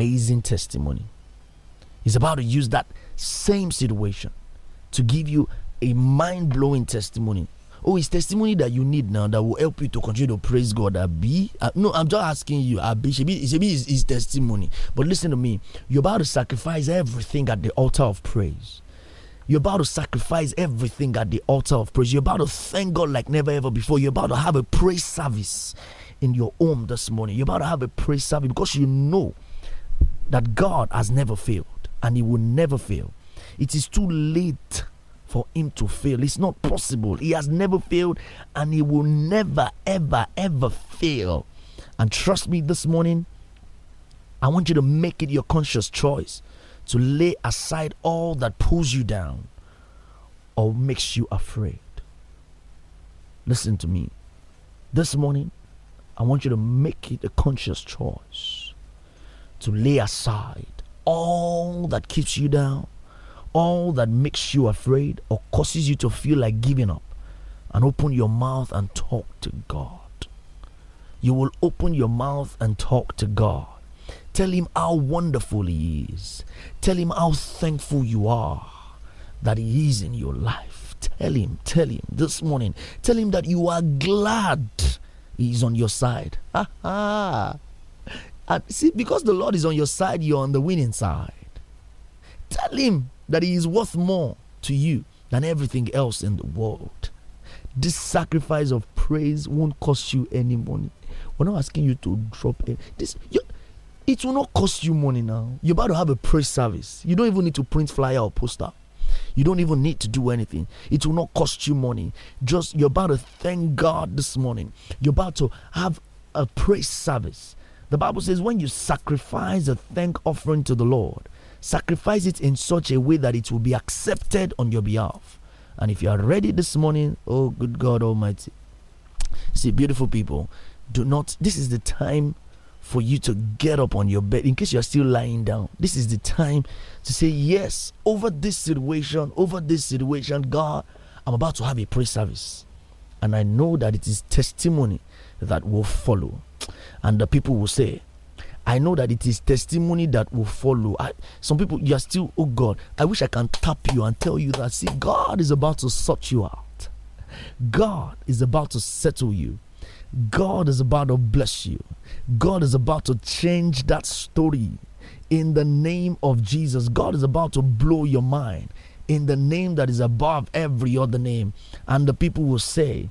amazing testimony. He's about to use that same situation to give you a mind blowing testimony. Oh, it's testimony that you need now that will help you to continue to praise God. Abi, uh, no, I'm just asking you. Abi, uh, Shebi, Shebi it's it's testimony. But listen to me. You're about to sacrifice everything at the altar of praise. You're about to sacrifice everything at the altar of praise. You're about to thank God like never ever before. You're about to have a praise service in your home this morning. You're about to have a praise service because you know that God has never failed and He will never fail. It is too late for Him to fail. It's not possible. He has never failed and He will never, ever, ever fail. And trust me this morning, I want you to make it your conscious choice to lay aside all that pulls you down or makes you afraid. Listen to me. This morning, I want you to make it a conscious choice to lay aside all that keeps you down, all that makes you afraid or causes you to feel like giving up, and open your mouth and talk to God. You will open your mouth and talk to God. Tell Him how wonderful He is. Tell Him how thankful you are that He is in your life. Tell Him, tell Him this morning. Tell Him that you are glad He is on your side. Ha ha. And uh, see, because the Lord is on your side, you're on the winning side. Tell Him that He is worth more to you than everything else in the world. This sacrifice of praise won't cost you any money. We're not asking you to drop it. This, you, it will not cost you money now. You're about to have a praise service. You don't even need to print flyer or poster. You don't even need to do anything. It will not cost you money. Just you're about to thank God this morning. You're about to have a praise service. The Bible says, when you sacrifice a thank offering to the Lord, sacrifice it in such a way that it will be accepted on your behalf. And if you are ready this morning, oh good God Almighty, see, beautiful people, do not, this is the time for you to get up on your bed in case you're still lying down. This is the time to say, Yes, over this situation, over this situation, God, I'm about to have a prayer service. And I know that it is testimony that will follow. And the people will say, I know that it is testimony that will follow. I, some people, you are still, oh God, I wish I can tap you and tell you that, see, God is about to sort you out. God is about to settle you. God is about to bless you. God is about to change that story in the name of Jesus. God is about to blow your mind in the name that is above every other name. And the people will say,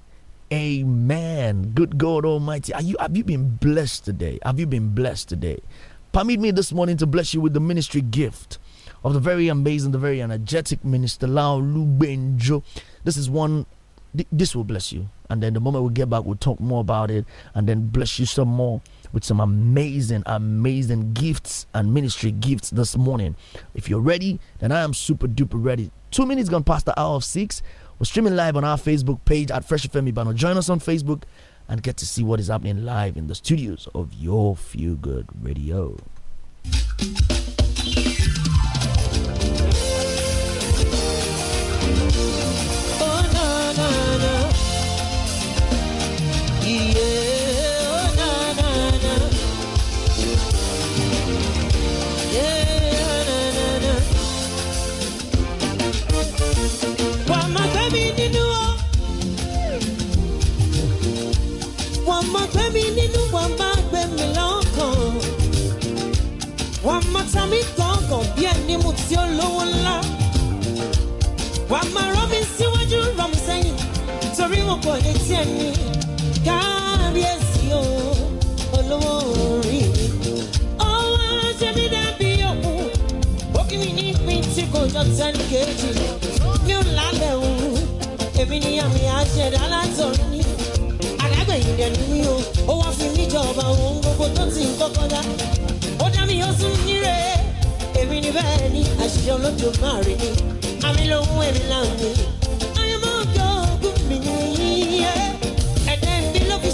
Amen. Good God Almighty. Are you have you been blessed today? Have you been blessed today? Permit me this morning to bless you with the ministry gift of the very amazing, the very energetic minister Lao Lubenjo. This is one this will bless you. And then the moment we get back, we'll talk more about it and then bless you some more with some amazing, amazing gifts and ministry gifts this morning. If you're ready, then I am super duper ready. Two minutes gone past the hour of six. We're streaming live on our Facebook page at Fresh FM Ibano. Join us on Facebook and get to see what is happening live in the studios of your Feel Good Radio. bọ̀dé tí ẹ ní kábíyèsí o olówó orí mi. ọwọ́ ṣe mí dàbí òkú òkè mi ní pín tí kò jọ tẹ́lẹ̀ kejì mi ò lálẹ́ òun èmi ní àmì àṣẹdá mi ó lòun èmi láàmì.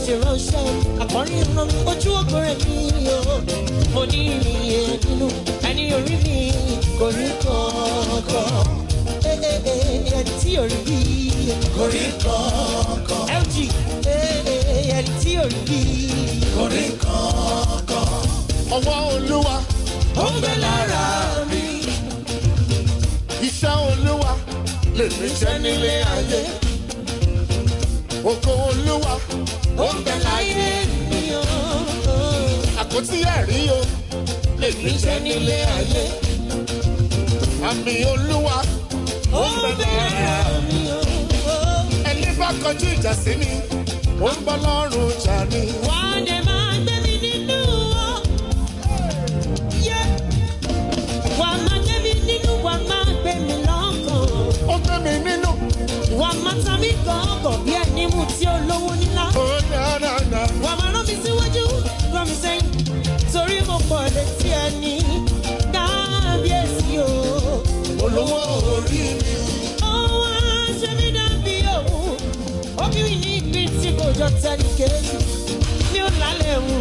sì ránṣẹ́ àkọ́rí ran ojú ògbó mi o. mo ní ìyè nínú ẹni orí mi kò rí kọ̀ọ̀kọ̀. ẹni tí orí bí kò rí kọ̀ọ̀kọ̀. lg ẹni tí orí bí kò rí kọ̀ọ̀kọ̀. ọwọ́ olúwa ó ń bẹ lára mi. iṣẹ́ olúwa lè fi jẹ́ nílé ayé. Oko olúwa ó ń bẹ láyé mi o. àpótí ẹ̀rí o lè mí jẹ́ nílé ayé. àmì olúwa ó ń bẹ lára mi ẹni bá kọjú ìjà sí mi ó ń bọ́ lọ́rùn jà ni. wọ́n lè má. kéjì mi ò lálẹ́ wù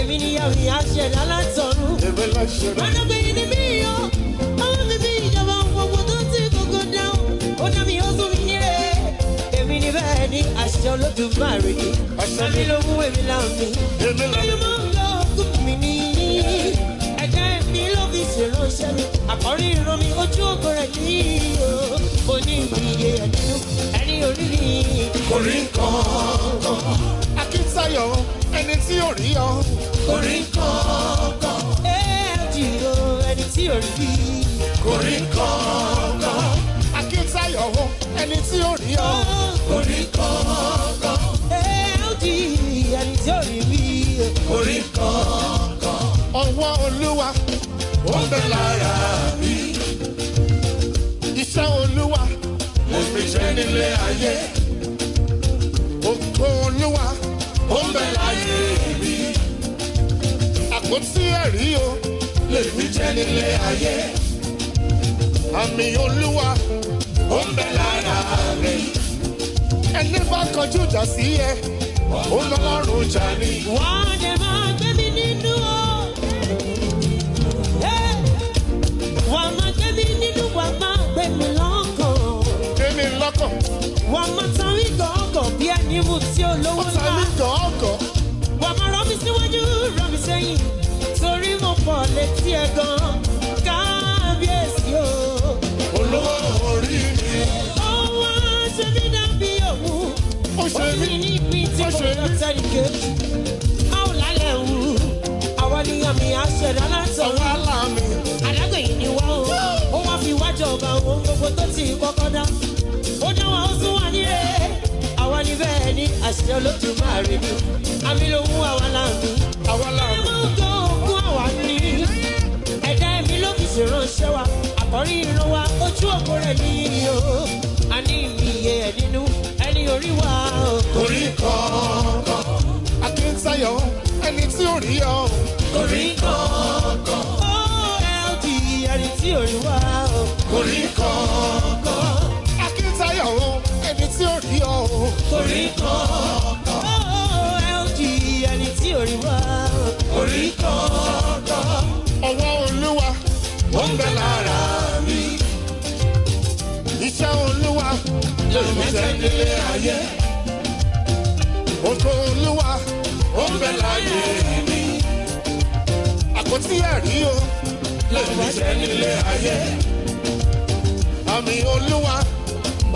èmi níyàwó ìyá ṣẹ̀dá látọ̀run. ọ̀nàgbẹ̀yìn ni mí yọ ọwọ́ mi bí ìjọba gbogbo tó ti gbogbo dáhùn ó dá mi ó sún mi nílé. èmi ni bẹ́ẹ̀ ni àṣẹ olódùmarè ọ̀sẹ̀ mi ló mú èmi láàmì. lórí mọ́ ń lọ kún mi ní ẹ̀jẹ̀ mi ló fi ṣèrànṣẹ́ mi àkọ́rí ìran mi ojú ògùn rẹ̀ yìí o. mo ní ìyẹ̀yẹ̀ nínú ẹ̀ ní oríire. kò rí kankan. akíntayọ̀ ẹni tí ò ẹ tí ò rí. kò rí kankan. akíntayọ̀ ẹni tí ò rí ọ. kò rí ẹ tí ò rí rí. kò rí kankan. olúwa ó ṣiṣẹ́ nílé ayé òkò olúwa ó ń bẹ láyé mi àpótí ẹ̀rí o lèmi jẹ́ nílé ayé àmì olúwa ó ń bẹ lára rẹ ẹni bá kọjú ìjà sí ẹ ó lọ́lọ́run jà ní. wọ́n ní. wọ́n mọ tán rí gọ̀ọ́gọ̀ bí ẹni mú tí olówó ńlá. ọ̀tá mi gọ̀ọ́gọ̀. wọ́n mọ rọ́bì síwájú rọ́bì sẹ́yìn torí mo pọ̀ létí ẹ̀ gan-an kábíyèsí o. olówó orí mi. ó wá ṣe mí dábí òun. ó ṣe mí ó ṣe mí ní ìpín tí mo lọ tẹ́lẹ̀ kejì. a ò lálẹ́ wù àwọn ènìyàn mi á ṣẹ̀dá látọ̀. ni wá o. ó fi wájọ ọba ohun gbogbo tó ti kọ́kọ́ dá ló sún wa nílé àwa ni bẹ́ẹ̀ ni àṣẹ Olódùmarè mi àmì ló mú àwa láàmú àwa láàmú tó fún àwa ní ẹ̀dá ẹ̀mí ló fi ṣèrànṣẹ́ wa àkọ́rí ìran wa ojú òpó rẹ̀ ní o àní mi yẹ ẹ̀ nínú ẹni orí wa o. orí kọ̀ọ̀kan akíntayọ̀ ẹni tí ò rí ọ. orí kọ̀ọ̀kan. ó ẹ ó di ẹni tí ò rí wa o. orí kọ̀ọ̀kan tí ó rí ọ orí kọ̀ọ̀kan. ó LG ẹni tí ò rí wá. orí kọ̀ọ̀kan. ọwọ́ olúwa ó ń bẹ lára mi. iṣẹ́ olúwa yóò mẹ́tẹ́ nílé ayé. òtò olúwa ó ń bẹ láyé mi. àkótí ẹ̀rí o lè mẹ́tẹ́ nílé ayé. àmì olúwa.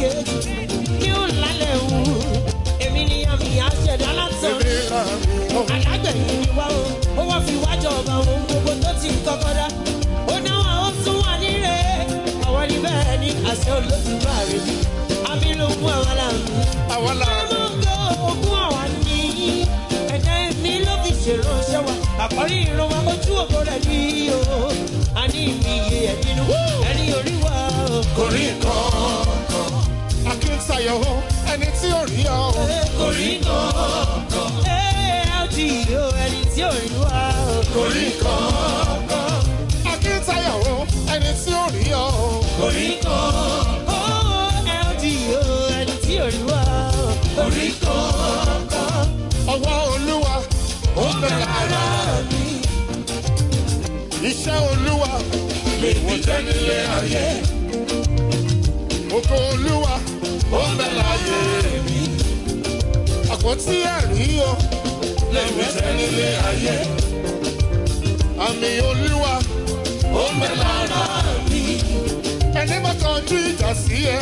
gé kí ó lálẹ́ wù èmi ni àmì àṣẹdá látàn alágbẹ̀yìn ni wá o ó wá fi wájọ ọba òun gbogbo tó ti kọ́kọ́ dá ó dáwọ́ ó tún wà nílé àwọn ní bẹ́ẹ̀ ni àṣẹ olóṣùpá rẹ̀ àmì ló mú àwọn làmì àwọn làmì ọmọ ogún àwọn ní ẹ̀dá ẹ̀mí ló fi ṣèrànṣẹ́ wa àkọ́rí ìran ojú òkú rẹ̀ ní. iṣẹ́ olúwa lè wọ jẹ́ nílé ayé. Oko olúwa ó ń bẹ láyé mi. Àpótí ẹ̀rín o lè wọ jẹ́ nílé ayé. Àmì olúwa ó ń bẹ mi. Ẹni bá kọjú ìjà sí ẹ.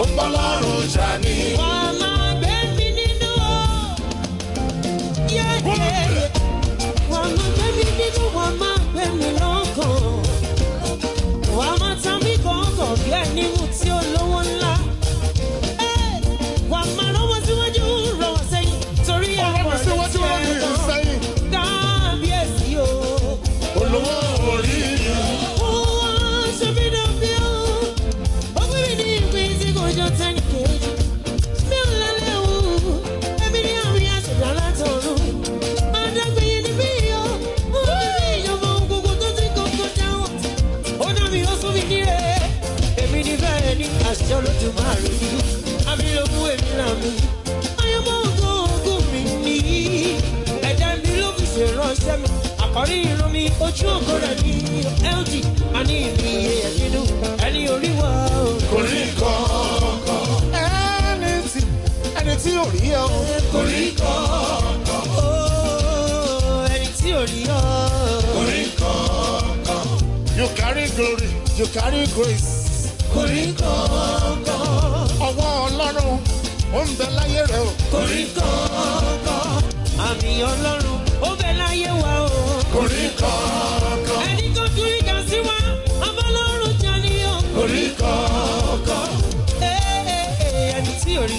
Ó ń bọ́ lọ́rùn jà ní. Wàhálà bẹ́ẹ̀ mi nínú o. Yé yé wàhálà bẹ́ẹ̀ orí irun mi ojú ògo ní ld a ní ìrìn ìyẹn nínú ẹni orí kò rí kankan. ẹni tí ẹni tí ò rí ọ. kò rí kankan. ẹni tí ò rí ọ. kò rí kankan. you carry glory you carry grace. kò rí kankan. ọwọ́ ọlọ́run ó ń bẹ láyé rẹ o. kò rí kankan. àmì ọlọ́run. Would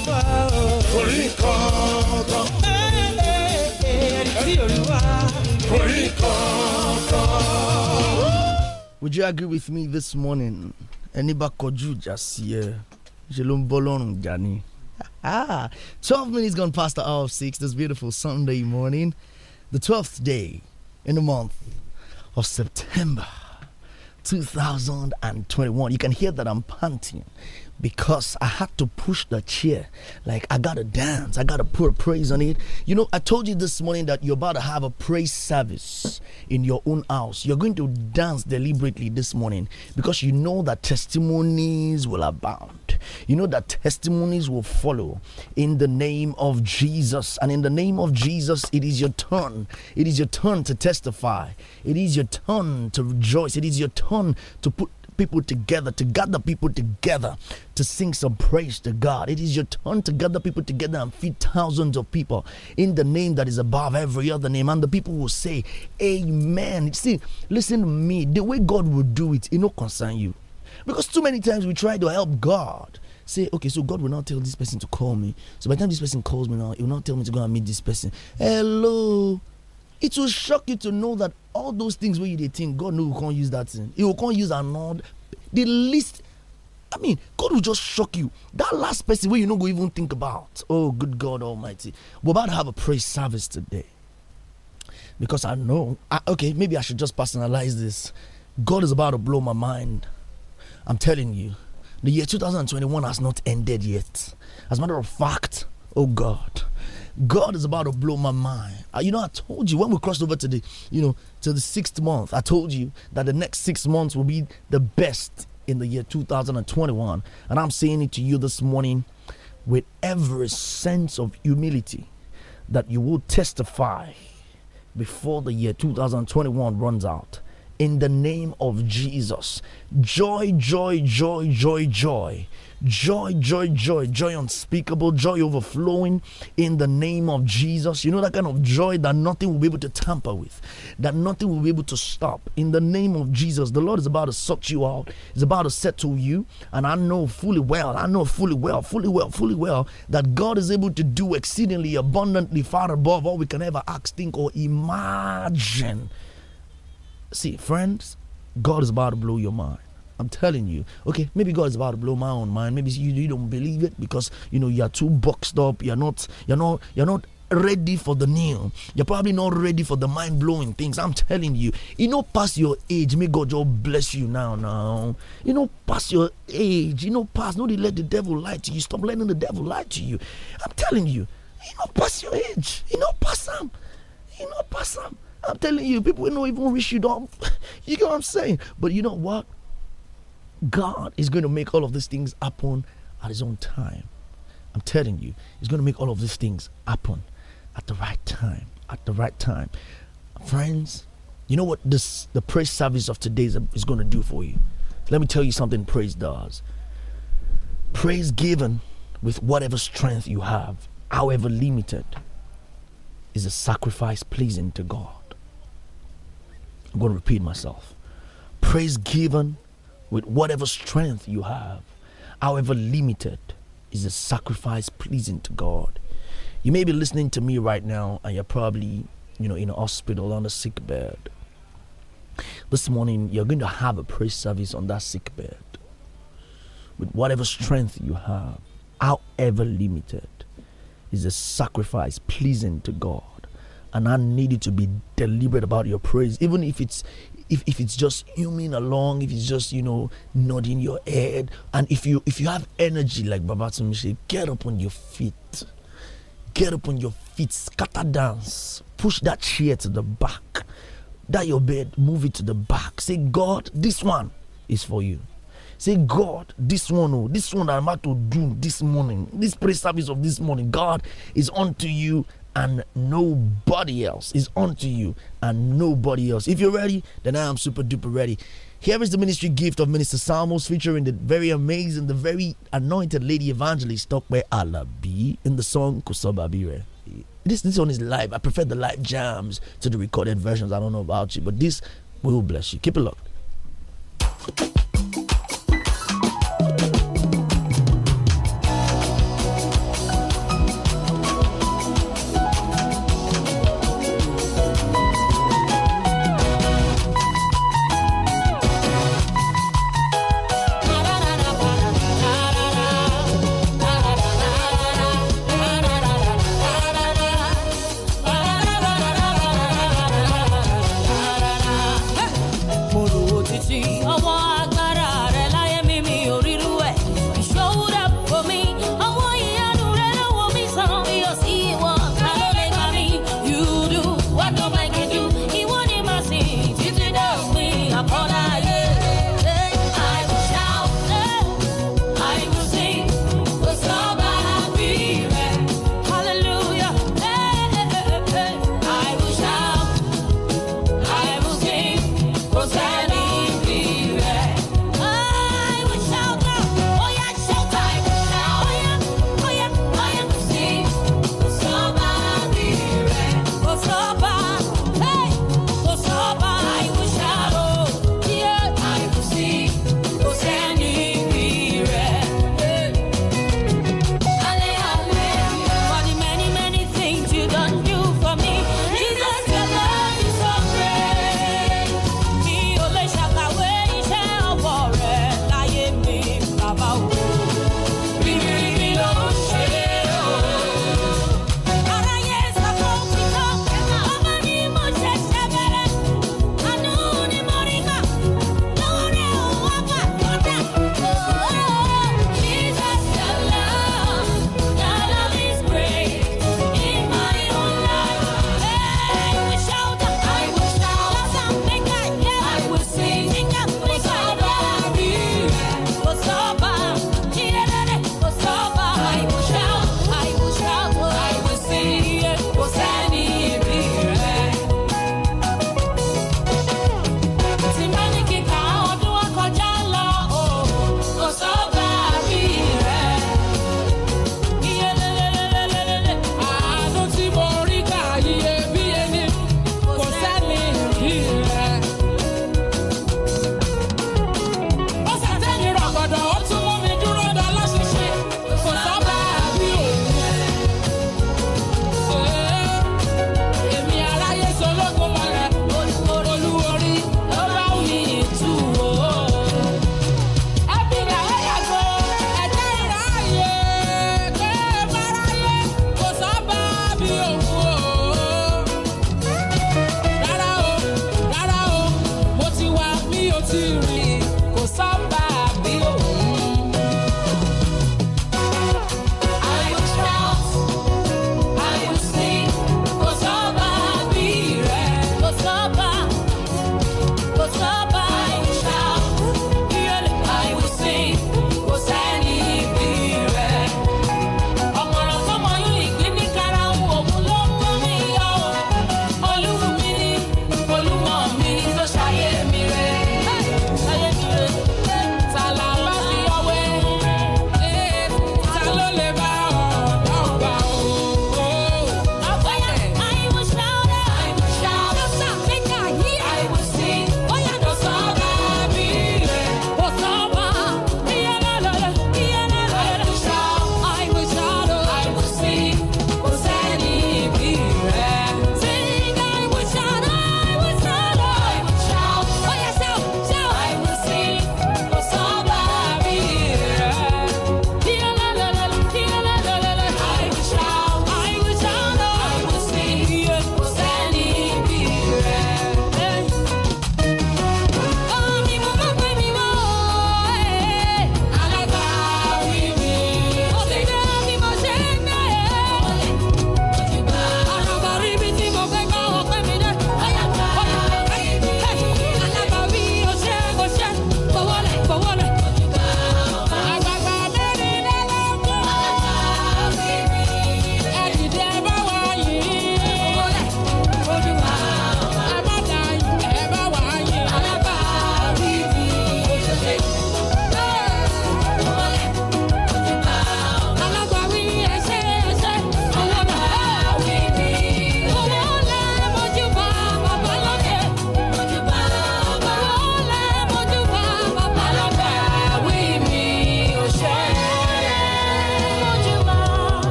you agree with me this morning? ẹni bá kọjú ìjà sí ẹ Ah, 12 minutes gone past the hour of 6 this beautiful Sunday morning, the 12th day in the month of September 2021. You can hear that I'm panting because I had to push the chair. Like, I gotta dance, I gotta put praise on it. You know, I told you this morning that you're about to have a praise service in your own house. You're going to dance deliberately this morning because you know that testimonies will abound. You know that testimonies will follow in the name of Jesus. And in the name of Jesus, it is your turn. It is your turn to testify. It is your turn to rejoice. It is your turn to put people together, to gather people together to sing some praise to God. It is your turn to gather people together and feed thousands of people in the name that is above every other name. And the people will say, Amen. See, listen to me. The way God will do it, it no concern you. Because too many times we try to help God say, okay, so God will not tell this person to call me. So by the time this person calls me now, he will not tell me to go and meet this person. Hello it will shock you to know that all those things where you dey think god no can't use that thing you can't use another the least i mean god will just shock you that last person wey you no go even think about oh good god almighty we about to have a praise service today because i know I, okay maybe i should just personalize this god is about to blow my mind i'm telling you the year 2021 has not ended yet as a matter of fact oh god God is about to blow my mind. Uh, you know, I told you when we crossed over to the, you know, to the sixth month, I told you that the next six months will be the best in the year 2021. And I'm saying it to you this morning with every sense of humility that you will testify before the year 2021 runs out. In the name of Jesus. Joy, joy, joy, joy, joy Joy, joy, joy, joy unspeakable, joy overflowing in the name of Jesus. You know, that kind of joy that nothing will be able to tamper with, that nothing will be able to stop. In the name of Jesus, the Lord is about to sort you out, He's about to settle you. And I know fully well, I know fully well, fully well, fully well that God is able to do exceedingly abundantly far above all we can ever ask, think, or imagine. See, friends, God is about to blow your mind. I'm telling you. Okay, maybe God is about to blow my own mind. Maybe you, you don't believe it because you know you're too boxed up. You're not. You're not. You're not ready for the new. You're probably not ready for the mind blowing things. I'm telling you. You know, past your age, may God just bless you now. Now, you know, past your age, you know, past. Nobody let the devil lie to you. Stop letting the devil lie to you. I'm telling you. You know, past your age. You know, past some. You know, past some. I'm telling you, people will not even reach you. Don't. You know what I'm saying? But you know what? God is going to make all of these things happen at His own time. I'm telling you, He's going to make all of these things happen at the right time. At the right time, friends. You know what this the praise service of today is, is going to do for you? Let me tell you something. Praise does. Praise given with whatever strength you have, however limited, is a sacrifice pleasing to God. I'm going to repeat myself. Praise given with whatever strength you have, however limited, is a sacrifice pleasing to God. You may be listening to me right now and you're probably, you know, in a hospital on a sick bed. This morning you're going to have a praise service on that sick bed with whatever strength you have, however limited, is a sacrifice pleasing to God. And I need you to be deliberate about your praise, even if it's if, if it's just humming along, if it's just, you know, nodding your head, and if you if you have energy like Babatunde said, get up on your feet. Get up on your feet, scatter dance, push that chair to the back, that your bed, move it to the back. Say, God, this one is for you. Say, God, this one, oh, this one I'm about to do this morning, this prayer service of this morning, God is unto you and nobody else. is onto you and nobody else. If you're ready, then I am super duper ready. Here is the ministry gift of Minister Samos featuring the very amazing, the very anointed lady evangelist Tokwe Alabi in the song Kusobabire. This this one is live. I prefer the live jams to the recorded versions. I don't know about you, but this will bless you. Keep it locked.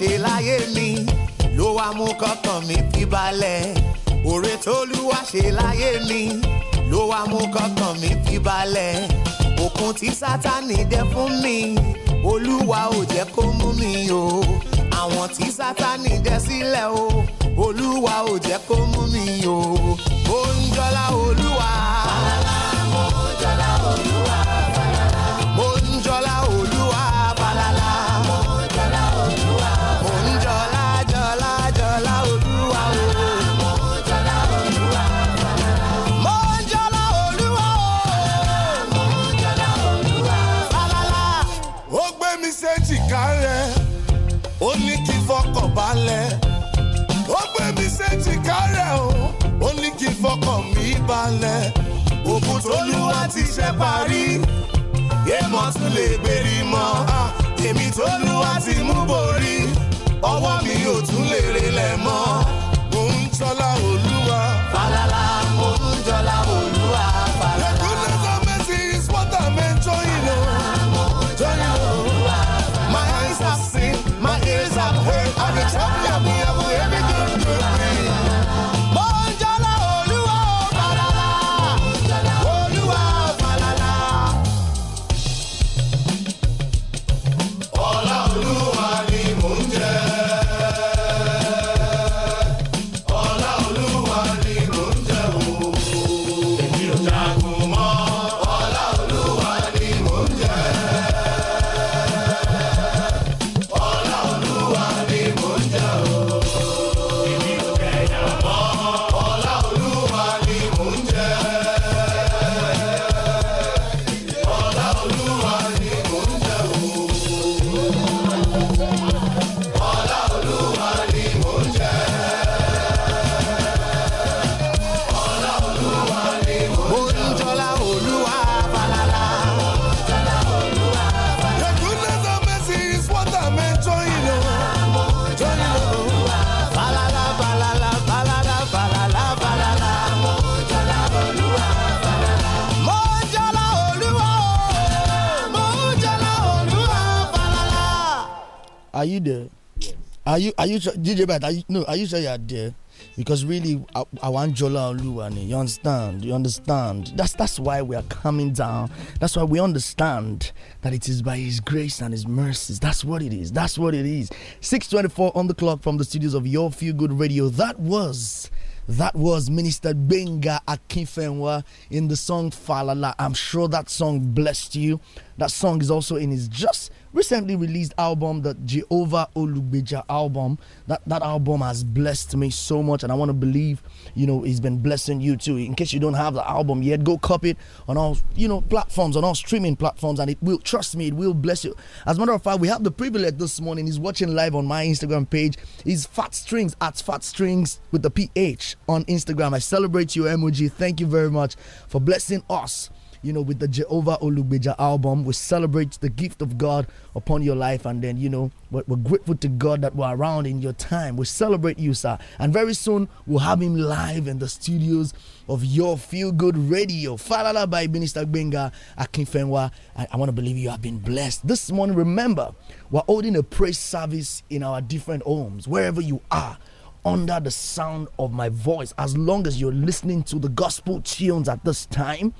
ṣe láyé mi ló wá mú kọ́kàn mi fi balẹ̀ òre tólúwa ṣe láyé mi ló wá mú kọ́kàn mi fi balẹ̀ òkun tí sátani dẹ fún mi olúwa ò jẹ́ kó mú mi o àwọn tí sátani dẹ sílẹ̀ o olúwa ò jẹ́ kó mú mi o ó ń jọlá olúwa. kalẹ̀ òkú tólúwa ti ṣe parí èèmọ̀ tún lè gbérí mọ́ èmi tólúwa ti mú borí ọwọ́ mi ò tún lè relẹ̀ mọ́ òun ṣọlá olú. Are you there? Are you are you DJ Bat? Are you no? Are you sure you are there? Because really, I, I want Jola and You understand? You understand? That's that's why we are coming down. That's why we understand that it is by His grace and His mercies. That's what it is. That's what it is. Six twenty-four on the clock from the studios of Your Feel Good Radio. That was. That was Minister Benga Akinfenwa in the song Falala. I'm sure that song blessed you. That song is also in his just recently released album, the Jehovah Olugbeja album. That that album has blessed me so much, and I want to believe, you know, he's been blessing you too. In case you don't have the album yet, go copy it on all you know platforms, on all streaming platforms, and it will trust me, it will bless you. As a matter of fact, we have the privilege this morning. He's watching live on my Instagram page. He's Fat Strings at Fat Strings with the PH on Instagram. I celebrate you, emoji. Thank you very much for blessing us you know, with the Jehovah Olugbeja album. We celebrate the gift of God upon your life. And then, you know, we're, we're grateful to God that we're around in your time. We celebrate you, sir. And very soon we'll have him live in the studios of your feel good radio. Falala by Minister Benga Akinfenwa. I, I want to believe you have been blessed. This morning, remember, we're holding a praise service in our different homes, wherever you are under the sound of my voice as long as you're listening to the gospel tunes at this time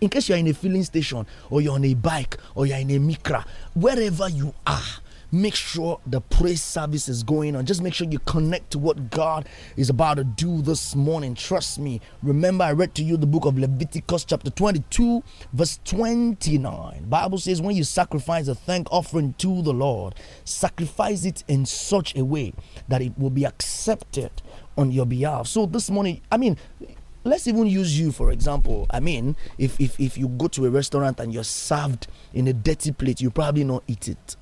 in case you're in a filling station or you're on a bike or you're in a mikra, wherever you are, make sure the praise service is going on. Just make sure you connect to what God is about to do this morning. Trust me. Remember, I read to you the book of Leviticus, chapter 22, verse 29. Bible says, When you sacrifice a thank offering to the Lord, sacrifice it in such a way that it will be accepted on your behalf. So this morning, I mean, let's even use you for example i mean if if, if you go to a restaurant and you're served in a dirty plate you probably not eat it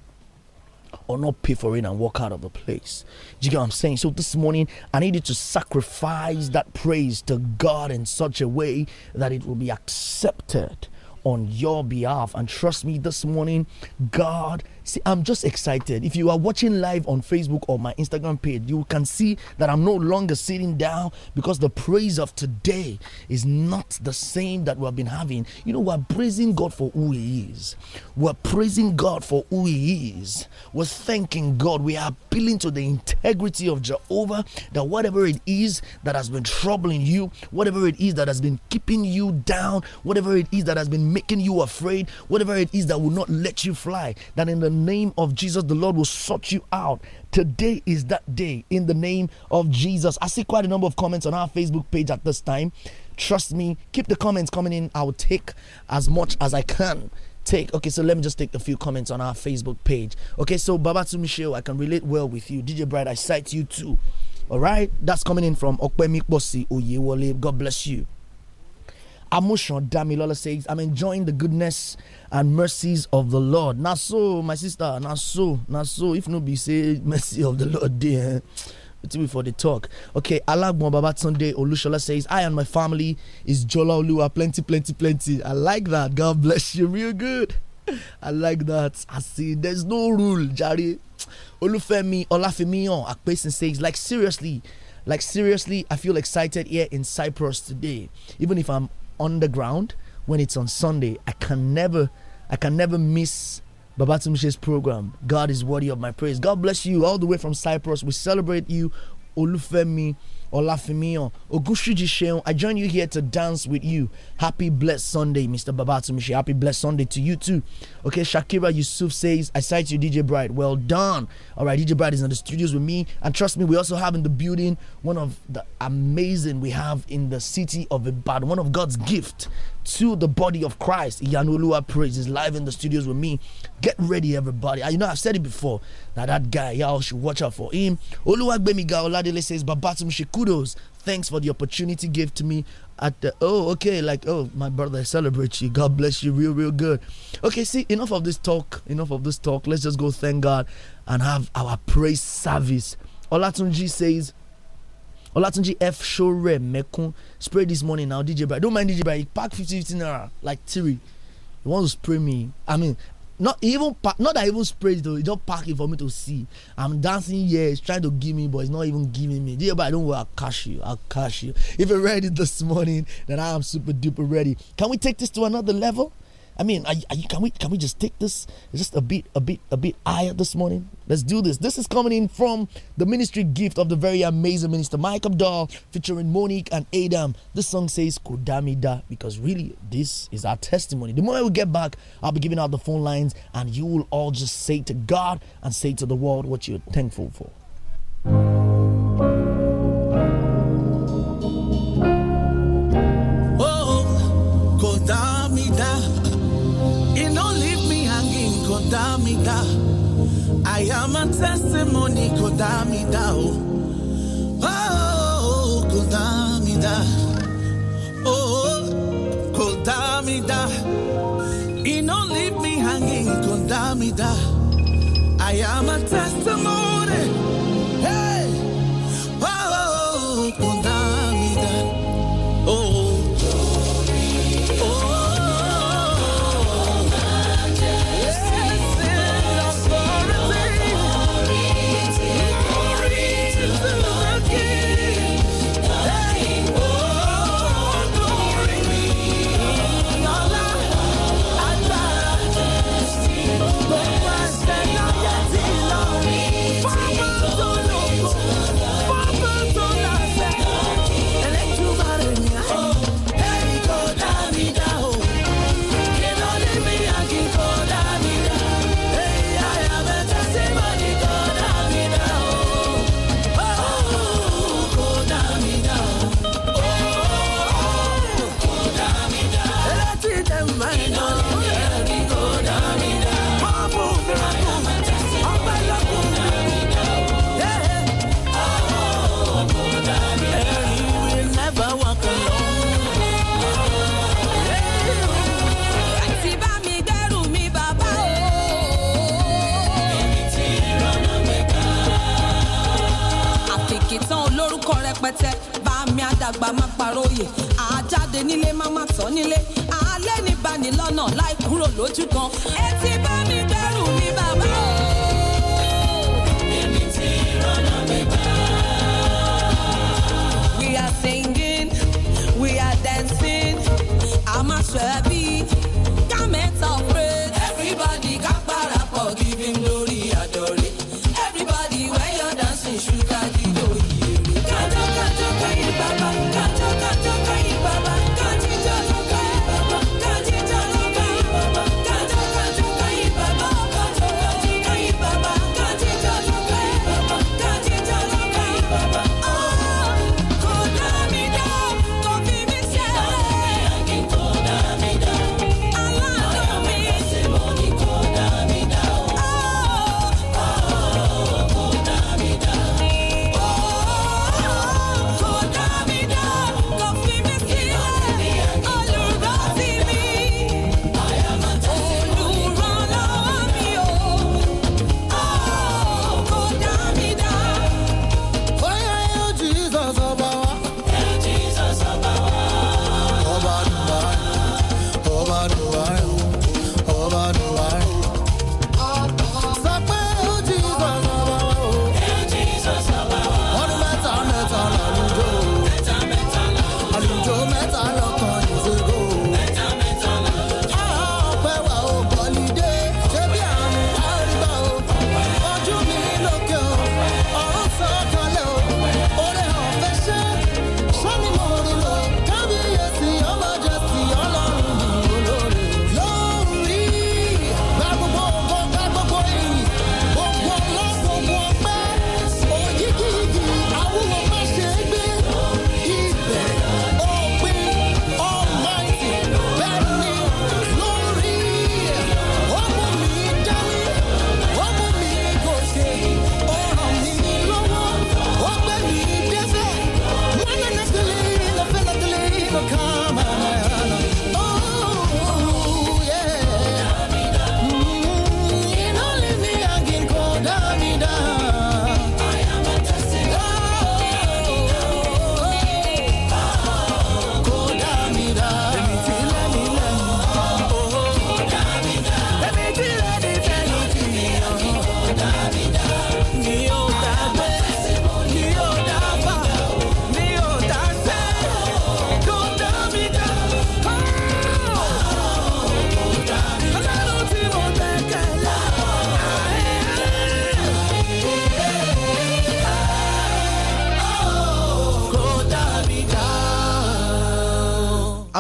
or not pay for it and walk out of the place. Do you get what I'm saying? So this morning, I needed to sacrifice that praise to God in such a way that it will be accepted on your behalf. And trust me, this morning, God See, I'm just excited. If you are watching live on Facebook or my Instagram page, you can see that I'm no longer sitting down because the praise of today is not the same that we've been having. You know, we're praising God for who He is. We're praising God for who He is. We're thanking God. We are appealing to the integrity of Jehovah that whatever it is that has been troubling you, whatever it is that has been keeping you down, whatever it is that has been making you afraid, whatever it is that will not let you fly, that in the name of Jesus, the Lord will sort you out. Today is that day in the name of Jesus. I see quite a number of comments on our Facebook page at this time. Trust me, keep the comments coming in. I'll take as much as I can take. Okay, so let me just take a few comments on our Facebook page. Okay, so Babatu Michelle, I can relate well with you. DJ Bright, I cite you too. All right, that's coming in from Okpemi Bosi Oyewole. God bless you. Amushan Damilola says, I'm enjoying the goodness and mercies of the Lord. Now so, my sister, now so, now so, if no be say mercy of the Lord dear. Until before the talk. Okay, Alagbon Baba Sunday Olushola says, I and my family is Jola Olua, plenty, plenty, plenty. I like that. God bless you, real good. I like that. I see. There's no rule, Jari. Olufemi Olafemion question, says, like seriously, like seriously, I feel excited here in Cyprus today. Even if I'm on the ground when it's on Sunday. I can never, I can never miss Babatunde's program. God is worthy of my praise. God bless you all the way from Cyprus. We celebrate you, Olufemi Olafemio, Ogushu Jisheon, I join you here to dance with you. Happy blessed Sunday, Mr. Babatumishi. Happy blessed Sunday to you too. Okay, Shakira Yusuf says, I cite you, DJ Bright. Well done. All right, DJ Bright is in the studios with me. And trust me, we also have in the building one of the amazing we have in the city of Ibadan, one of God's gift to the body of Christ. Yanulua Praise is live in the studios with me. Get ready, everybody. I, you know, I've said it before. Now, that guy, y'all should watch out for him. Oluwagbemi Oladele says, Babatum Shikudos, thanks for the opportunity given to me at the oh okay like oh my brother I celebrate you god bless you real real good okay see enough of this talk enough of this talk let's just go thank god and have our praise service olatunji says Olatunji F. Shore Mekun. Spray this morning now, DJ Bright. Don't mind DJ Bright. He packed 50 15 naira like Tiri. He wants to spray me. I mean, not even pack, not that I even spray it though. He just pack it for me to see. I'm dancing here. He's trying to give me, but he's not even giving me. DJ I don't worry. I'll cash you. I'll cash you. If you're ready this morning, then I am super duper ready. Can we take this to another level? I mean, are, are you, can we can we just take this just a bit a bit a bit higher this morning? Let's do this. This is coming in from the ministry gift of the very amazing minister Mike Abdal featuring Monique and Adam. This song says Kodamida because really this is our testimony. The moment we get back, I'll be giving out the phone lines and you will all just say to God and say to the world what you're thankful for. Kodamida. I am a testimony, Kodamida. Oh, oh Kodamida. Oh, Kodamida. He don't leave me hanging, Kodamida. I am a testimony.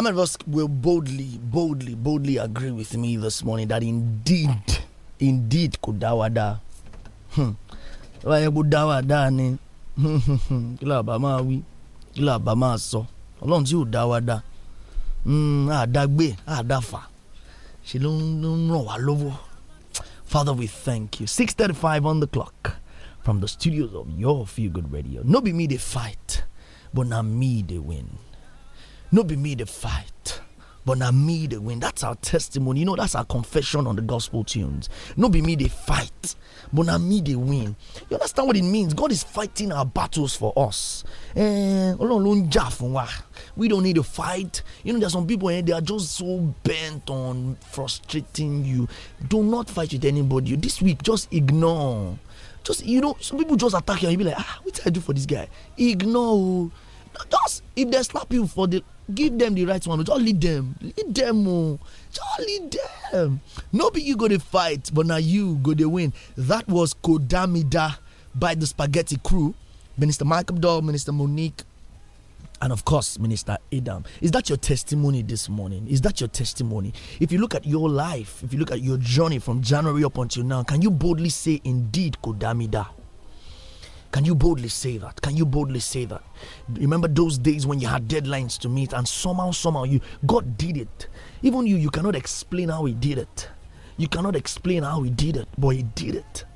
many of us will boldly, boldly, boldly agree with me this morning that indeed, indeed, Kudawada. Hmm. Kudawada ni. Hmm, hmm, hmm. Kí la bá máa wí? Kí la bá máa sọ? Ọlọ́run tí yóò Àdágbé, àdáfà. Ṣé ló ń Father, we thank you. 6.35 on the clock from the studios of your Feel Good Radio. No be me they fight, but na me they win. No be me the fight, but na me the win. That's our testimony. You know, that's our confession on the gospel tunes. No be me the fight, but na me the win. You understand what it means? God is fighting our battles for us. Eh, we don't need to fight. You know, there's some people eh, they are just so bent on frustrating you. Do not fight with anybody. This week, just ignore. Just you know, some people just attack you and you be like, ah, what did I do for this guy? Ignore. Just if they slap you for the give them the right one just lead them lead them oh just lead them no be you go dey fight but na you go dey win that was kodamida by the spaghetti crew minister michael doll minister monique and of course minister adam is that your testimony this morning is that your testimony if you look at your life if you look at your journey from january up until now can you boldly say indeed kodamida can you boldly say that? Can you boldly say that? Remember those days when you had deadlines to meet and somehow, somehow you God did it. Even you, you cannot explain how he did it. You cannot explain how he did it, but he did it.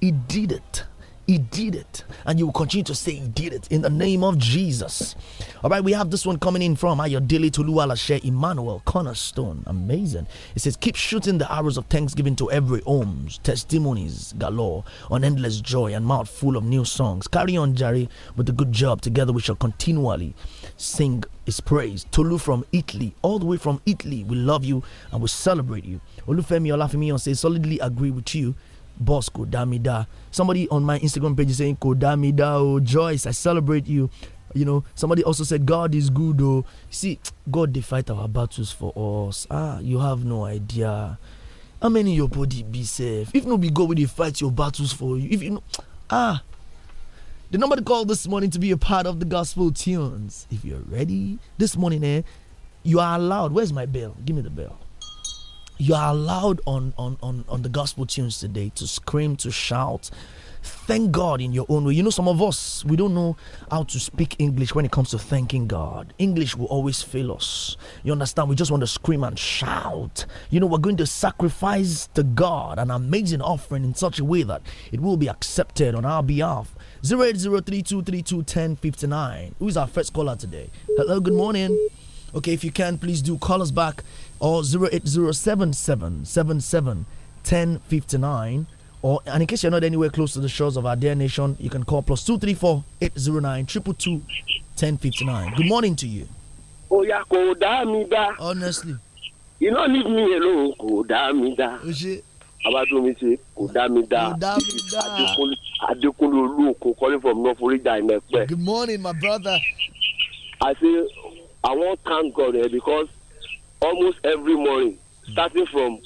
He did it. He did it. And you will continue to say He did it in the name of Jesus. All right, we have this one coming in from Ayodele Share Emmanuel Cornerstone. Amazing. It says, Keep shooting the arrows of thanksgiving to every homes, testimonies galore, on endless joy and mouth full of new songs. Carry on, Jerry, with the good job. Together we shall continually sing His praise. Tolu from Italy, all the way from Italy, we love you and we celebrate you. Olufemi Olafimion says, Solidly agree with you boss Kodamida. Somebody on my Instagram page is saying Kodamida, oh Joyce, I celebrate you. You know, somebody also said God is good, oh. See, God they fight our battles for us. Ah, you have no idea. How many your body be safe? If no be God, will they fight your battles for you? If you know, ah. The number to call this morning to be a part of the gospel tunes. If you're ready this morning, eh, you are allowed. Where's my bell? Give me the bell you are allowed on, on, on, on the gospel tunes today to scream, to shout. Thank God in your own way. You know, some of us, we don't know how to speak English when it comes to thanking God. English will always fail us. You understand? We just want to scream and shout. You know, we're going to sacrifice to God an amazing offering in such a way that it will be accepted on our behalf. 08032321059. Who's our first caller today? Hello, good morning. Okay, if you can, please do call us back or 08077 1059 or and in case you're not anywhere close to the shores of our dear nation, you can call plus two three four eight zero nine triple two ten fifty nine. Good morning to you. Oh yeah, Honestly. You don't leave me alone. ṣe kò dá mi dá. Kò dá mi dá. Adekunle calling from North Florida in Ẹ̀pẹ́. Good morning my brother. I say I wan thank God eh, because almost every morning starting from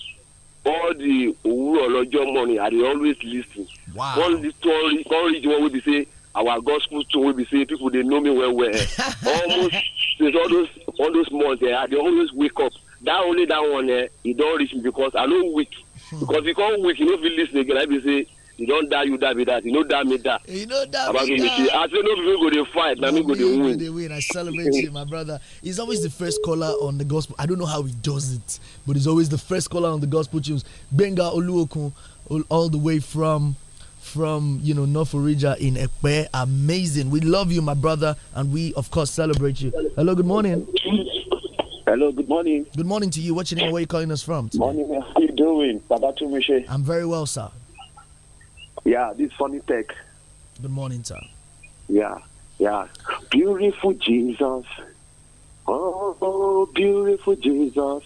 all the òwúrọ̀ lọ́jọ́ morning i dey always lis ten. wow one story one reason wey be say our gospel tune wey be say people dey know me well well almost since all those all those months eh, i dey always wake up that only that one eh, e don reach me because i no weak hmm. because e come weak e no fit lis ten again i be say you don die you die be that you no die me die. you no die me die i say no people go dey fight na me go dey win. dey win i celebrate you my brother he's always the first caller on the gospel i don't know how he does it but he's always the first caller on the gospel tunes benga oluokun all the way from from you know North Orija in Ekpe. Amazing. We love you, my brother, and we of course celebrate you. Hello, good morning. Hello, good morning. Good morning to you. What's your name? Where are you calling us from? Today? Morning. How you doing, Baba Tumishe? I'm very well, sir. Yeah, this funny tech. Good morning, sir. Yeah, yeah. Beautiful Jesus. Oh, oh, beautiful Jesus.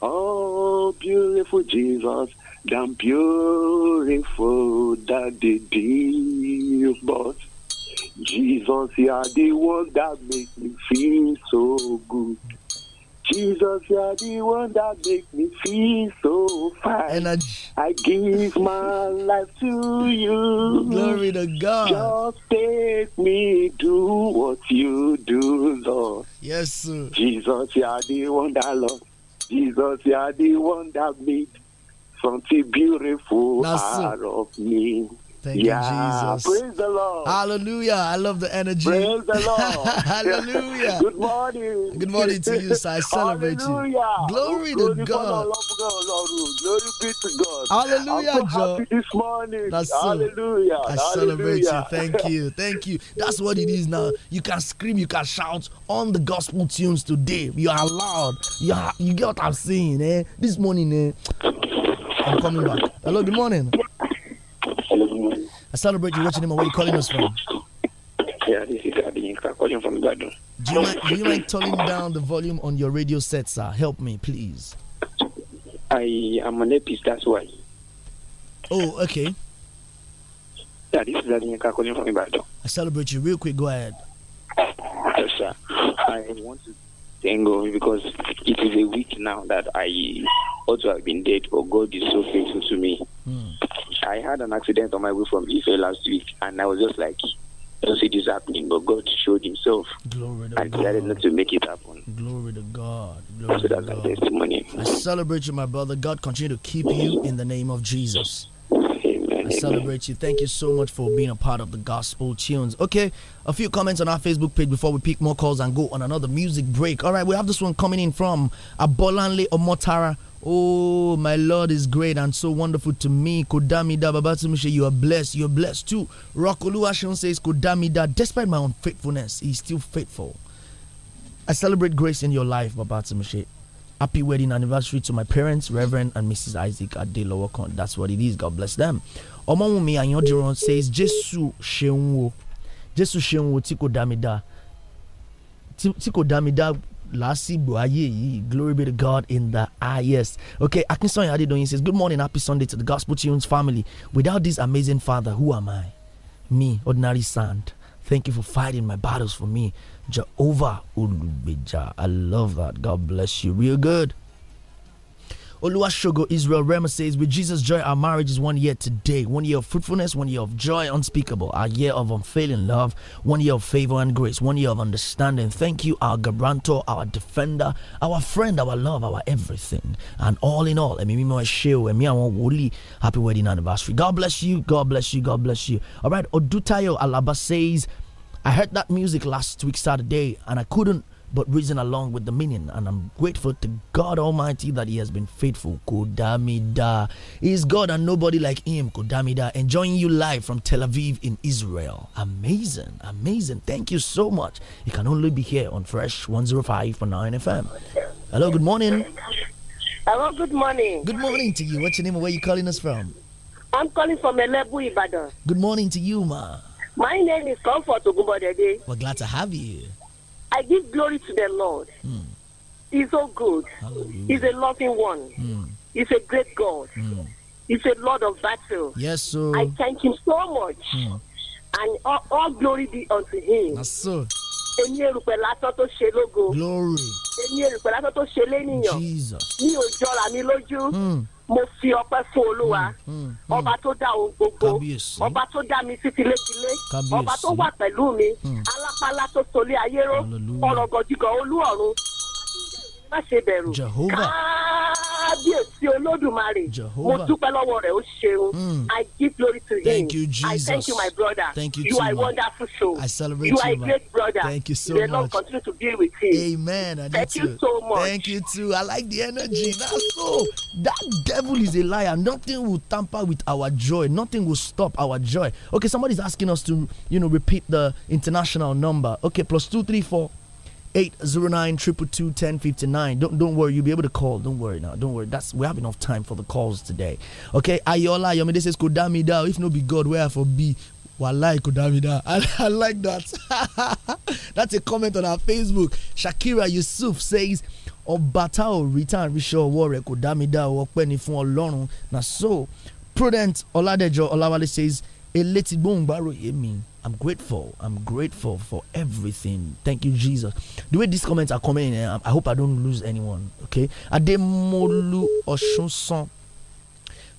Oh, beautiful Jesus. Damn beautiful daddy dear but Jesus, you are the one that makes me feel so good. Jesus, you are the one that makes me feel so fine. Energy. I give my life to you. Glory to God. Just take me, do what you do, Lord. Yes, sir. Jesus, you are the one that loves. Jesus, you are the one that made something beautiful That's out it. of me. Thank yeah, you, Jesus. Praise the Lord. Hallelujah. I love the energy. Praise the Lord. Hallelujah. Good morning. Good morning to you, sir. I celebrate you. Glory to God. Glory be to God. Hallelujah, I'm so happy this morning. That's so. Hallelujah. I celebrate Hallelujah. you. Thank you. Thank you. That's what it is now. You can scream, you can shout on the gospel tunes today. You are loud. You, are, you get what I'm saying, eh? This morning, eh? I'm coming back. Hello, good morning. Hello. I celebrate you. What's your name? Where are you calling us from? Yeah, this is Adinka calling from Gadon. Do you, mind, do you mind turning down the volume on your radio set, sir? Help me, please. I am an atheist, that's why. Oh, okay. Yeah, this is Adinka calling from Ibadan. I celebrate you. Real quick, go ahead. Yes, sir. I want to thank God because it is a week now that I ought to have been dead, but God is so faithful to me. Hmm. I had an accident on my way from Ife last week, and I was just like, don't see this happening, but God showed Himself Glory to and decided not to make it happen. Glory to God. Glory so to God. I celebrate you, my brother. God continue to keep you in the name of Jesus celebrate you. Thank you so much for being a part of the gospel tunes. Okay, a few comments on our Facebook page before we pick more calls and go on another music break. All right, we have this one coming in from Abolanle Omotara. Oh, my Lord is great and so wonderful to me. Kodamida Babatsumishe, you are blessed. You are blessed too. Rokolu Ashon says, Kodamida, despite my unfaithfulness, he's still faithful. I celebrate grace in your life, Babatsumishe. Happy wedding anniversary to my parents, Reverend and Mrs. Isaac Adelowakon. That's what it is. God bless them ọmọwùnmi àyàndìran says jésù ṣeun o jésù ṣeun o tí kò dá mi dá tí kò dá mi dá lásìgbò ayé yìí glory be to God in the highest. Okay, Akinsanya Adedoyin says good morning happy Sunday to the gospel tunes family without this amazing father who am I? Me ordinary sand. Thank you for fighting my battles for me. Jehovah Ulugbeja. I love that. God bless you. Real good. Oluwashogo Israel Rema says, With Jesus' joy, our marriage is one year today. One year of fruitfulness, one year of joy unspeakable, our year of unfailing love, one year of favor and grace, one year of understanding. Thank you, our guarantor, our defender, our friend, our love, our everything. And all in all, happy wedding anniversary. God bless you, God bless you, God bless you. All right, Odutayo Alaba says, I heard that music last week, Saturday, and I couldn't but reason along with the meaning. And I'm grateful to God Almighty that He has been faithful. Kodamida. He is God and nobody like Him. Kodamida. Enjoying you live from Tel Aviv in Israel. Amazing. Amazing. Thank you so much. You can only be here on Fresh 105.9 FM. Hello, good morning. Hello, good morning. Good morning to you. What's your name and where you calling us from? I'm calling from Elebu, Ibadan. Good morning to you, ma. My name is Comfort Ogunbodede. We're glad to have you. I give glory to the Lord. Mm. He's so good. Hallelujah. He's a loving one. Mm. He's a great God. Mm. He's a Lord of battle. Yes, so I thank him so much. Mm. And all, all, glory be unto him. That's so. glory. jesus. Mm. mo fi ọpẹ́ fún olúwa mm, mm, mm. ọba tó dá ohun gbogbo ọba tó dá mi sí tilétilé ọba tó wà pẹ̀lú mi alápálá tó solé ayé ró ọ̀rọ̀ gọ̀jìgọ̀ olú ọ̀run má ṣe bẹ̀rù kábíyèsí olódùmarè mo dúpẹ́ lọ́wọ́ rẹ̀ ó ṣeun hmm. i give glory to him thank you, Jesus. i thank you my brother thank you, you are a wonderful soul I celebrate you are a great brother thank you so may much may Lord continue to be with you amen I thank you too. so much thank you too I like the energy that's so that devil is a liar nothing will tamper with our joy nothing will stop our joy okay somebody's asking us to you know repeat the international number okay plus two three four 809 222 1059. Don't, don't worry, you'll be able to call. Don't worry now. Don't worry. That's We have enough time for the calls today. Okay, Ayola Yomi, this is Kodamida. If no be God, where for be? Walai Kodamida. I, I like that. That's a comment on our Facebook. Shakira Yusuf says, Obata o return Risho Wore Kodamida Wokweni Fun Olorun. Now so, Prudent Oladejo Olawale says, Eleti Bongbaroye mean. I'm grateful. I'm grateful for everything. Thank you, Jesus. The way these comments are coming in, eh, I hope I don't lose anyone. Okay. Ademolu Oshunson.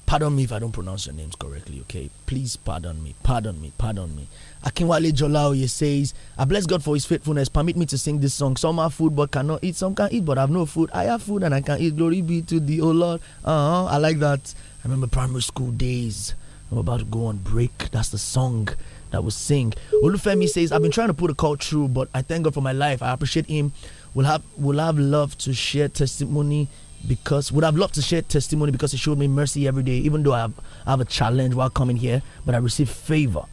Pardon me if I don't pronounce your names correctly, okay? Please pardon me, pardon me, pardon me. Akinwale Jolaoye says, I bless God for his faithfulness. Permit me to sing this song. Some have food but cannot eat. Some can eat but have no food. I have food and I can eat. Glory be to the O oh Lord. Uh-huh. I like that. I remember primary school days. I'm about to go on break. That's the song that will sing. Olufemi says, I've been trying to put a call through, but I thank God for my life. I appreciate him. Will have will have love to share testimony because would have loved to share testimony because he showed me mercy every day, even though I have, I have a challenge while coming here, but I received favor.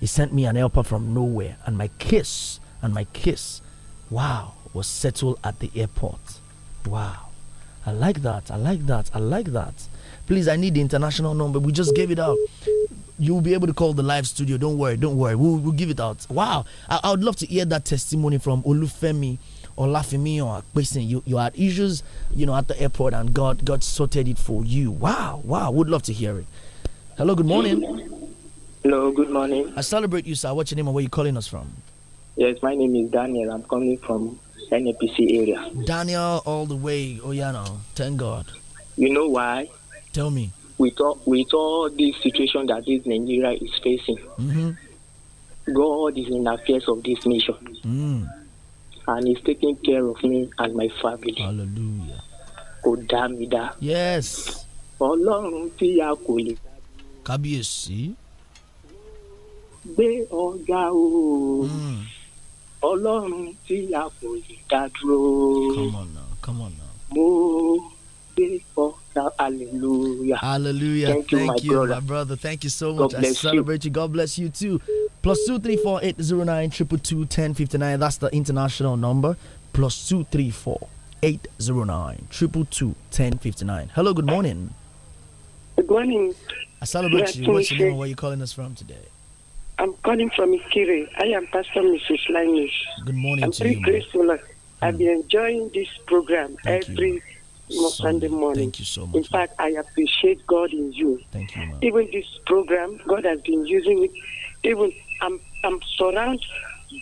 He sent me an helper from nowhere, and my kiss, and my kiss, wow, was settled at the airport. Wow. I like that. I like that. I like that. Please, I need the international number. We just gave it out you'll be able to call the live studio. Don't worry, don't worry. We'll, we'll give it out. Wow. I, I, would love to hear that testimony from Olufemi or Lafemi or Akpesin. You, you had issues, you know, at the airport and God God sorted it for you. Wow, wow. Would love to hear it. Hello, good morning. Hello, good morning. I celebrate you, sir. What's your name and where you calling us from? Yes, my name is Daniel. I'm coming from NAPC area. Daniel, all the way. Oh, yeah, no. Thank God. You know why? Tell me with all with all this situation that this Nigeria is facing. Mm-hmm. God is in the affairs of this nation. Mm. And He's taking care of me and my family. Hallelujah. Odamida. Yes. Ọlọ́run tí a kò lè. Kábíyèsí. Gbé ọ̀gá o. Mm. Ọlọ́run tí a kò lè dá dúró. Come on now, come on now. Mo gbé ọ̀gá hallelujah. Hallelujah. Thank, Thank you, my, you brother. my, brother. Thank you so much. God I celebrate you. you. God bless you too. Plus two three four eight zero nine triple two ten fifty nine. That's the international number. Plus two three four eight zero nine triple two ten fifty nine. Hello, good morning. Good morning. I celebrate you. What's your name? Where are you calling us from today? I'm calling from Ikire. I am Pastor Mrs. Linus. Good morning I'm to very Grateful. I've mm. been enjoying this program Thank every you. Sunday, Sunday morning. Thank you so much. In fact, I appreciate God in you. Thank you. Ma'am. Even this program, God has been using it. Even I'm I'm surrounded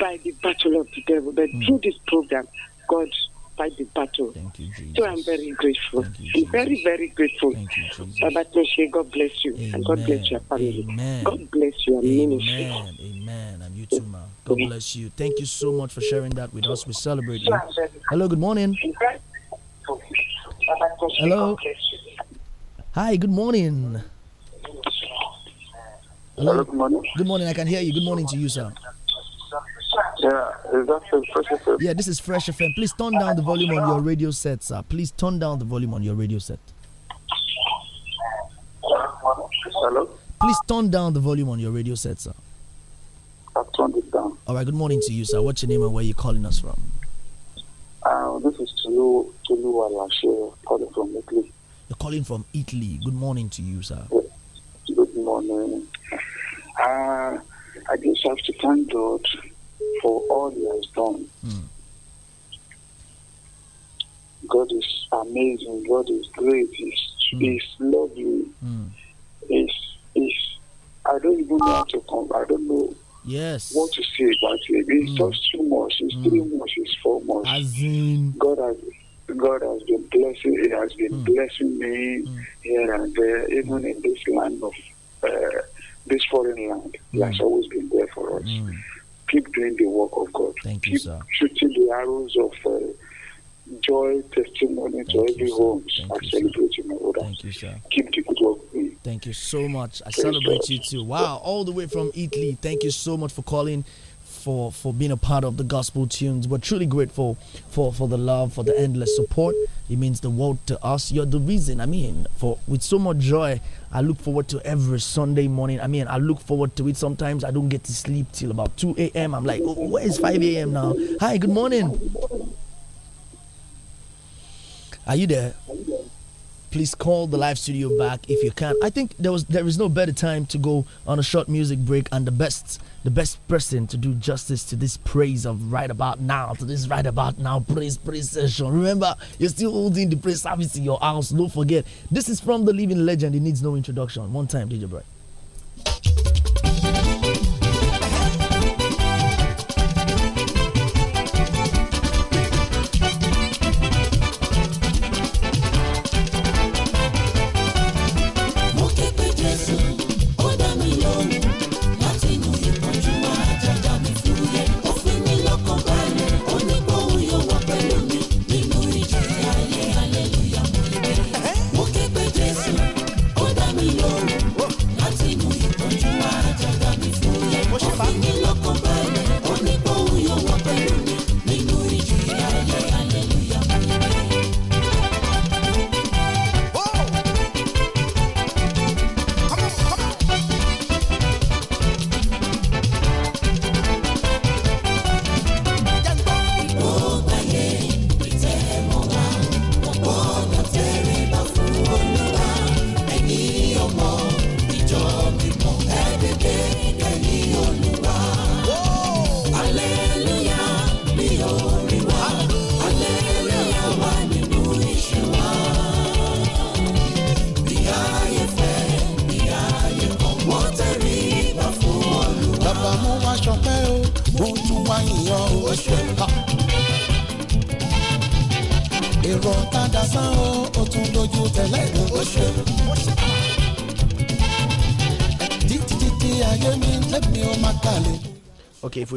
by the battle of the devil, but mm. through this program, God fight the battle. Thank you, Jesus. So I'm very grateful. You, very, very grateful. Thank you, Jesus. God bless you. Amen. And God bless your family. Amen. God bless your Amen. ministry. Amen. And you too, ma. God bless you. Thank you so much for sharing that with us. We celebrate you. Hello, good morning. Hello. Hi, good morning. Hello? Good morning. Good morning. I can hear you. Good morning to you, sir. Yeah, is that Fresh FM? Yeah, this is Fresh FM. Please turn down the volume on your radio set, sir. Please turn down the volume on your radio set. Hello. Please turn down the volume on your radio set, sir. I've turned it down. All right. Good morning to you, sir. What's your name and where are you calling us from? Uh, this is to you, calling from Italy. You're calling from Italy. Good morning to you, sir. Good morning. Uh, I just have to thank God for all He has done. Mm. God is amazing. God is great. He's, mm. he's lovely. Mm. He's, he's, I don't even know how to come. I don't know yes. what to say about him. It's mm. just too much. It's mm. three months. It's four months. As in, God has God has been blessing. He has been mm. blessing me mm. here and there, even in this land of uh, this foreign land. He has hmm. always been there for us. Hmm. Keep doing the work of God. Thank Keep you, sir. shooting the arrows of uh, joy, testimony Thank to every you, home. I celebrate you, my Thank you, sir. Keep the good work. Thank you so much. I Thank celebrate you too. Wow, all the way from Italy. Thank you so much for calling for for being a part of the Gospel Tunes. We're truly grateful for for the love, for the endless support. It means the world to us. You're the reason. I mean, for with so much joy, I look forward to every Sunday morning. I mean, I look forward to it. Sometimes I don't get to sleep till about 2 a.m. I'm like, oh, where is 5 a.m. now? Hi, good morning. Are you there? please call the live studio back if you can. I think there was there is no better time to go on a short music break and the best the best person to do justice to this praise of right about now to this right about now praise praise session. Remember, you're still holding the praise service in your house. Don't forget, this is from the living legend. It needs no introduction. One time, DJ Bright.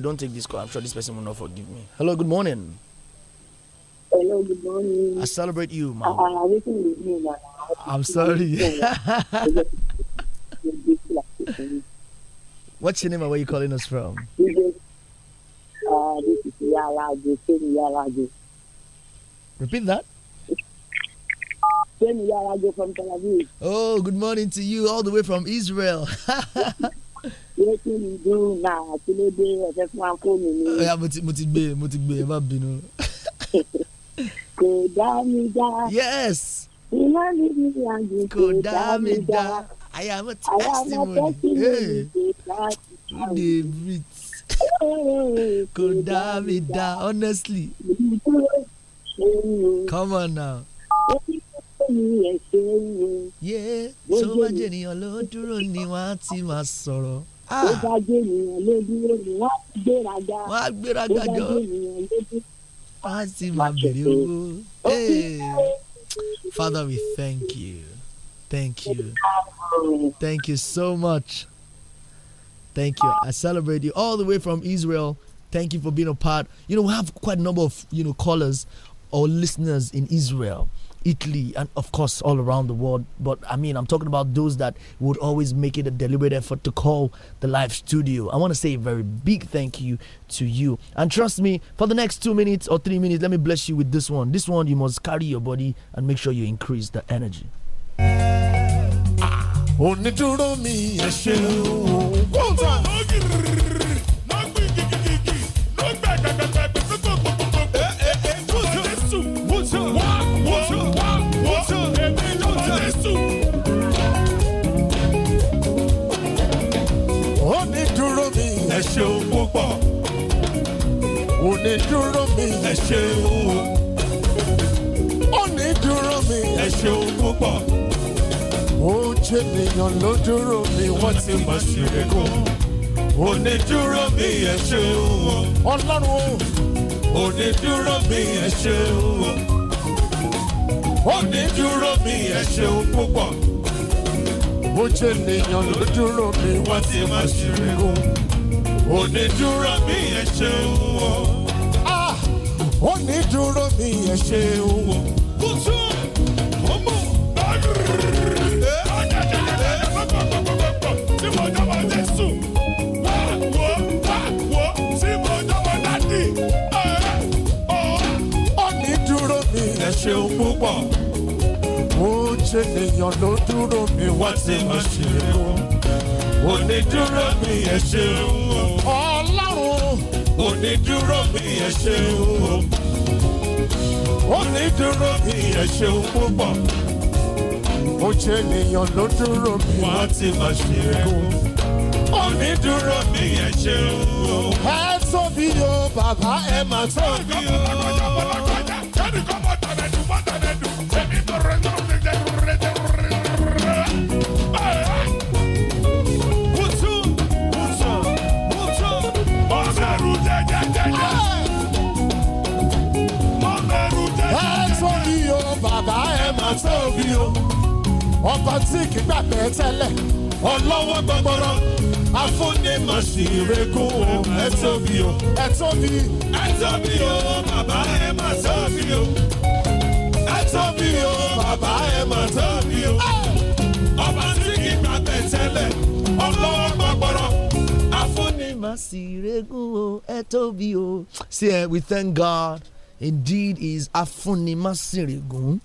don't take this call, I'm sure this person will not forgive me. Hello, good morning. Hello, good morning. I celebrate you, ma'am. Uh, I'm sorry. What's your name and where are you calling us from? Uh, Repeat that. Oh, good morning to you, all the way from Israel. wọ́n kí ni dúró náà àti ló dé fún wa mi. mo ti gbé mo má bínú. kò dá mi dá. yes. iná mi ní àjò kò dá mi dá. I am a testimony. Hey. They breathe. kò dá mi dá honestly. come on now yé tó bá jẹ́ ló dúró ni wọ́n á ti máa sọ̀rọ̀. Ah. ó bá jẹ ènìyàn lójú ni wọn á gbéraga wọn á gbéraga jọ wọn á sì máa bèrè owó. Eh. Father, we thank you. Thank you. Thank you so much. Thank you. I celebrate you all the way from Israel. Thank you for being a part. You know, we have quite a number of, you know, callers or listeners in Israel. Italy, and of course all around the world. But I mean, I'm talking about those that would always make it a deliberate effort to call the live studio. I want to say a very big thank you to you. And trust me, for the next two minutes or three minutes, let me bless you with this one. This one, you must carry your body and make sure you increase the energy. Ah. pọ̀. duro mi ẹ ṣe Oni duro mi ẹ ṣe o púpọ̀. oúnjẹ nìyàn ló dúró mi wọ́n ti mọ̀ sí rẹ̀kọ́. onídùúró mi ẹ ṣe o. ọlọ́run o. onídùúró mi ẹ ṣe Oni duro mi ẹ ṣe o púpọ̀. oúnjẹ nìyàn ló dúró mi wọ́n ti mọ̀ sí rẹ̀kọ́. Oni duro mi ẹ ah Oni duro mi ẹ ṣeun o. kùtù ọmọ tí mo dọ́wọ́ jésù wá wo wá wo tí mo dọ́wọ́ dádì. onídúró mi ẹ ṣeun púpọ̀. ó ṣe èèyàn ló dúró mi wá tí mo ṣe é o. onídúró mi ẹ ṣeun o. ní dúró mi ẹ ṣeun o. ó ní dúró mi ẹ ṣeun púpọ̀. mo ṣe ènìyàn ló dúró mi. wọ́n ti máa ṣe é kú. ó ní dúró mi ẹ ṣeun o. ẹ tóbi o bàbá ẹ máa tóbi o. ọkọ̀ tí kì í gbàgbẹ́ tẹ́lẹ̀. ọlọ́wọ́ gbọgbọrọ afúnimọ̀ sí irekun o ẹ tóbi o ẹ tóbi ẹ tóbi o bàbá ẹ mà tóbi o ẹ tóbi o bàbá ẹ mà tóbi o ọba tí kì í gbàgbẹ́ tẹ́lẹ̀ ọlọ́wọ́ gbọgbọrọ afúnimọ̀ sí irekun o ẹ tóbi o. See, we thank God. Indeed, is Afunima Sirigun.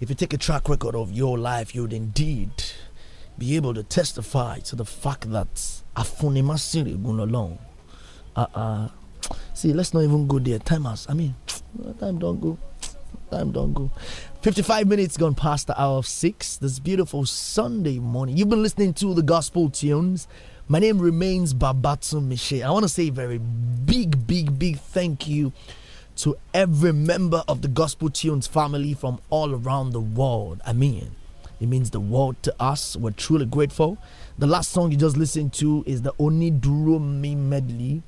If you take a track record of your life, you'd indeed be able to testify to the fact that Afunimasiri Gunolon. Uh uh. See, let's not even go there. Time has, I mean, time don't go. Time don't go. 55 minutes gone past the hour of six. This beautiful Sunday morning. You've been listening to the gospel tunes. My name remains Babatsu Michelle. I want to say very big, big, big thank you to every member of the Gospel Tunes family from all around the world. I mean, it means the world to us. We're truly grateful. The last song you just listened to is the Oniduro Me medley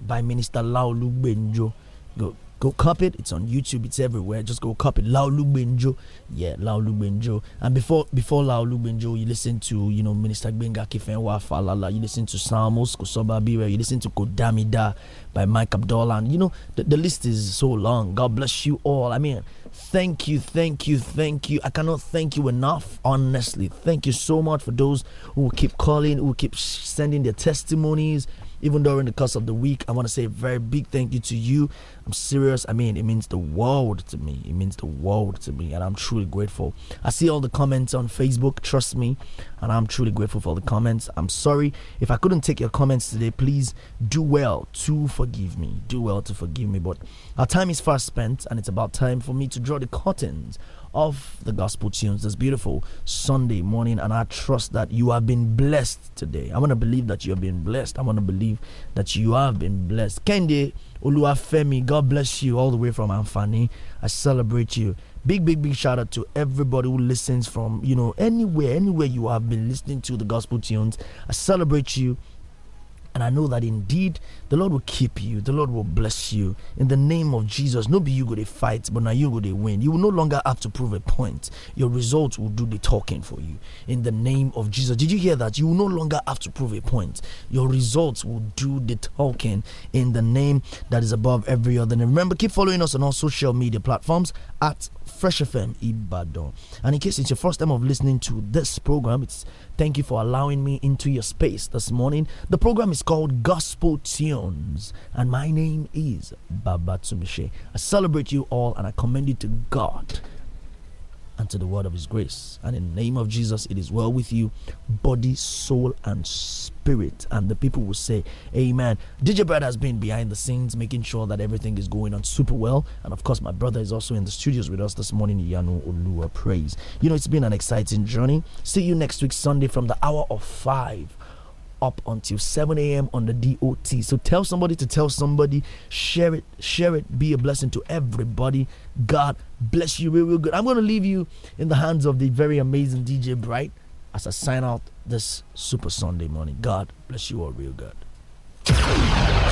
by Minister Laolu Benjo. Go Go cop it. It's on YouTube. It's everywhere. Just go cop it. Laulu Benjo. Yeah, Laulu Benjo. And before before Laulu Benjo, you listen to, you know, Minister Benga Kifenwa Falala. You listen to Samos kusoba Biwe. You listen to Kodamida by Mike Abdullah. And, you know, the, the list is so long. God bless you all. I mean, thank you, thank you, thank you. I cannot thank you enough, honestly. Thank you so much for those who keep calling, who keep sending their testimonies even during the course of the week. I want to say a very big thank you to you. I'm serious. I mean, it means the world to me. It means the world to me, and I'm truly grateful. I see all the comments on Facebook, trust me, and I'm truly grateful for the comments. I'm sorry if I couldn't take your comments today. Please do well to forgive me. Do well to forgive me, but our time is fast spent, and it's about time for me to draw the curtains of the gospel tunes this beautiful Sunday morning. And I trust that you have been blessed today. I want to believe that you have been blessed. I want to believe that you have been blessed. Kende Oluwafemi, God bless you all the way from Amfani. I celebrate you. Big, big, big shout out to everybody who listens from, you know, anywhere, anywhere you have been listening to the gospel tunes. I celebrate you. And I know that indeed the Lord will keep you. The Lord will bless you. In the name of Jesus, no be you go to fight, but now you go to win. You will no longer have to prove a point. Your results will do the talking for you. In the name of Jesus. Did you hear that? You will no longer have to prove a point. Your results will do the talking in the name that is above every other name. Remember, keep following us on all social media platforms at Fresh FM Ibadan. And in case it's your first time of listening to this program, it's thank you for allowing me into your space this morning. The program is called Gospel Tune Jones, and my name is Baba Tsumishe. I celebrate you all and I commend you to God and to the word of His grace. And in the name of Jesus, it is well with you, body, soul, and spirit. And the people will say, Amen. DJ has been behind the scenes, making sure that everything is going on super well. And of course, my brother is also in the studios with us this morning, Yanu Olua Praise. You know, it's been an exciting journey. See you next week, Sunday, from the hour of 5 up until 7 a.m. on the DOT. So tell somebody to tell somebody, share it, share it, be a blessing to everybody. God bless you real, real good. I'm going to leave you in the hands of the very amazing DJ Bright as I sign out this Super Sunday morning. God bless you all real good.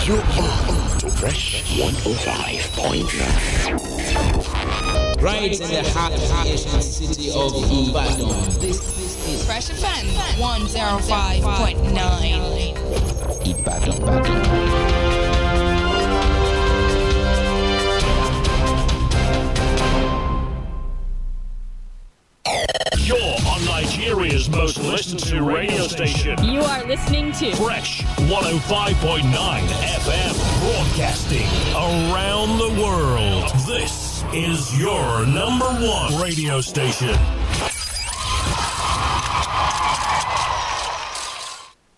You are to Fresh 105.9. Right in the heart of the city of Ibadan. Fresh and 105.9. Ibadan. You're on Nigeria's most listened to radio station. You are listening to Fresh 105.9 FM broadcasting around the world. This is your number one radio station.